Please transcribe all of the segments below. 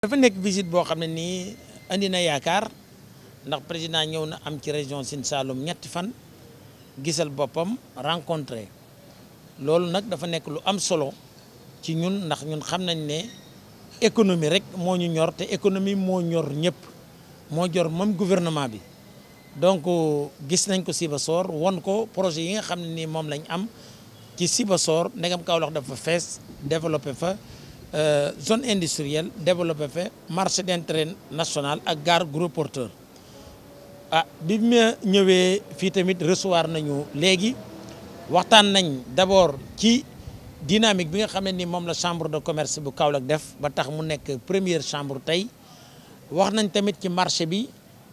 dafa nek visite bo xamné ni andi na yakar ndax président ñew na am ci région sin salum ñetti fan gisal bopam rencontrer loolu nak dafa nek lu am solo ci ñun ndax ñun xamnañ né ne économie rek mo ñu ñor té économie mo ñor ñëpp mo jor mom gouvernement bi donc giss nañ ko Sibassor won ko projet yi nga xamné ne mom lañ am ci Sibassor ndegam Kaolack dafa fess développer fa Euh, zone industrielle développé fa marché d'intérêt nationale ak gare gros porteur ah bi ma ñëwee fii tamit recevoir nañu léegi waxtaan nañ d'abord ci dynamique bi nga xam ne ni moom la chambre de commerce bu Kaolack def ba tax mu nekk première chambre tey wax nañ tamit ci marché bi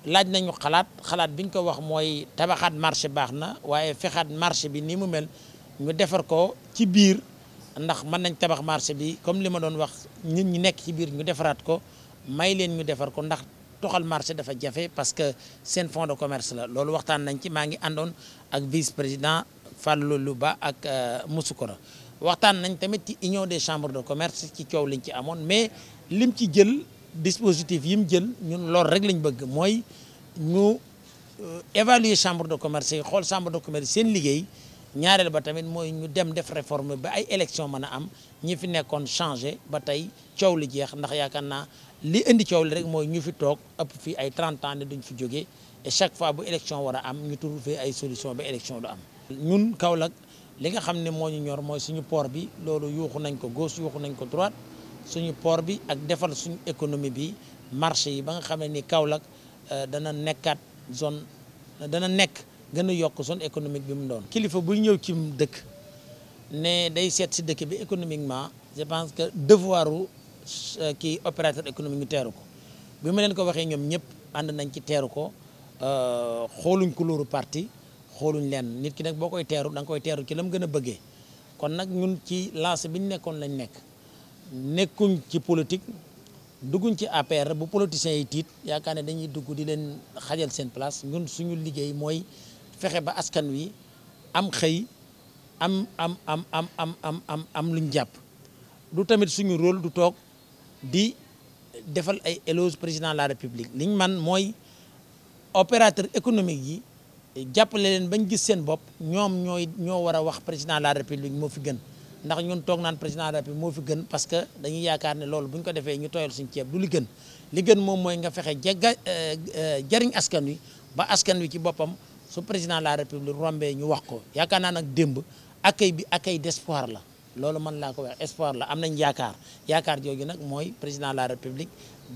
laaj nañu xalaat xalaat bi ñu ko wax mooy tabaxaat marché baax na waaye fexaat marché bi ni mu mel ñu defar ko ci biir ndax man nañ tabax marché bi comme li ma doon wax nit ñi nekk ci biir ñu defaraat ko may leen ñu defar ko ndax toxal marché dafa jafe parce que seen fonds de commerce la loolu waxtaan nañ ci maa ngi àndoon ak vice président Fallou Louba ak euh, Moussukora waxtaan nañ tamit ci union des chambres de commerce ci coow liñ ci amoon mais lim ci jël dispositif yim jël ñun loolu rek lañ bëgg mooy ñu euh, évaluer chambre de commerce yi xool chambre de commerce seen liggéey ñaareel ba tamit moy ñu dem def réforme ba ay élection mëna am ñi fi nekkoon changer ba tay ciow li jeex ndax yakarna li indi ciow li rek moy ñu fi tok ëpp fi ay 30 ans ne duñ fi joggé et chaque fois bu élection wara am ñu trouver ay solution ba élection du am ñun Kaolack li nga xamné ne ñu ñor moy suñu port bi loolu yuuxu nañ ko gauche yuuxu nañ ko droite suñu port bi ak défal suñu économie bi marché yi ba nga xamné ne ni Kaolack euh, dana nekkaat zone dana nekk gën a yokk zone économique bi mu doon. kilifa buy ñëw ci dëkk ne day seet si dëkk bi économiquement je pense que devoiru euh, kii opérateur économique ñu teeru ko bi ma leen ko waxee ñoom ñëpp ànd nañ ci teeru ko euh, xooluñ couleur parti xooluñ leen nit ki nag boo koy teeru da nga koy teeru ci la mu gën a bëggee kon nag ñun ci lancé bi ñu nekkoon lañ nekk nekkuñ ci politique dugguñ ci APR bu politiciens yi tiit yaakaar ne dañuy dugg di leen xajal seen place ñun suñu liggéey mooy. fexe ba askan wi am xëy am am am am am am am am luñ jàpp du tamit suñu rôle du toog di defal ay éloge président de la république liñ man mooy opérateur économique yi jàpp leen bañ gis seen bopp ñoom ñooy ñoo war a wax président la république moo fi gën ndax ñun toog naan président de la république moo fi gën parce que dañuy yaakaar ne loolu bu ñu ko defee ñu tooyal suñu ceeb du li gën li gën moom mooy nga fexe jégga euh, euh, jariñ askan wi ba askan wi ci boppam su président de la république rombee ñu wax ko yaakaar naa nag démb accueil bi accueil d'espoir la loolu mën laa ko wax espoir la am nañ yaakaar yaakaar jooju nag mooy président la république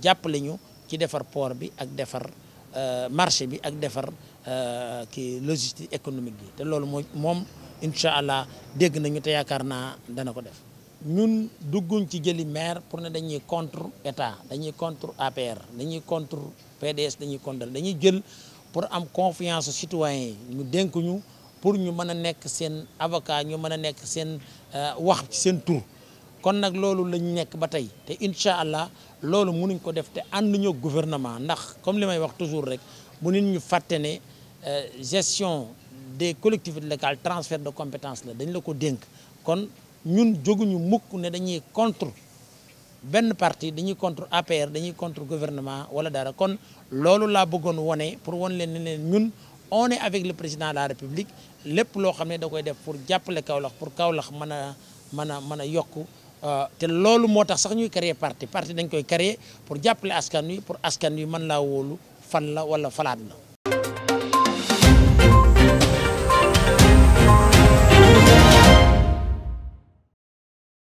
jàpp ñu ci defar port bi ak defar euh, marché bi ak defar euh, kii logistique économique bi te loolu mooy moom incha allah dégg nañu te yaakaar naa dana ko def ñun dugguñ ci jëli maire pour ne dañuy contre état dañuy contre APR dañuy contre PDS dañuy contre dañuy jël pour am confiance aux citoyens ñu dénk ñu pour ñu mëna nek sen avocat ñu mëna nek sen euh, wax ci sen tour kon nak lolu lañ nek ba tey te incha allah mënuñ ko def té and ñu gouvernement ndax comme limay wax toujours rek bu nit ñu faté né euh, gestion des collectivités locales transfert de compétences la dañ la ko dénk kon ñun jóguñu mukk né dañuy contre ben parti dañuy contre APR dañuy contre gouvernement wala dara kon lolu la bëggoon woné pour won leen ne ñun on est avec le président de la république lépp lo xamné da koy def pour jappalé kaolax pour kaolax mëna mëna mëna yokku mën a yokk euh, te sax ñuy créer parti parti dañ koy créer pour jappalé askan pour askan wi mën laa fan la wala falat la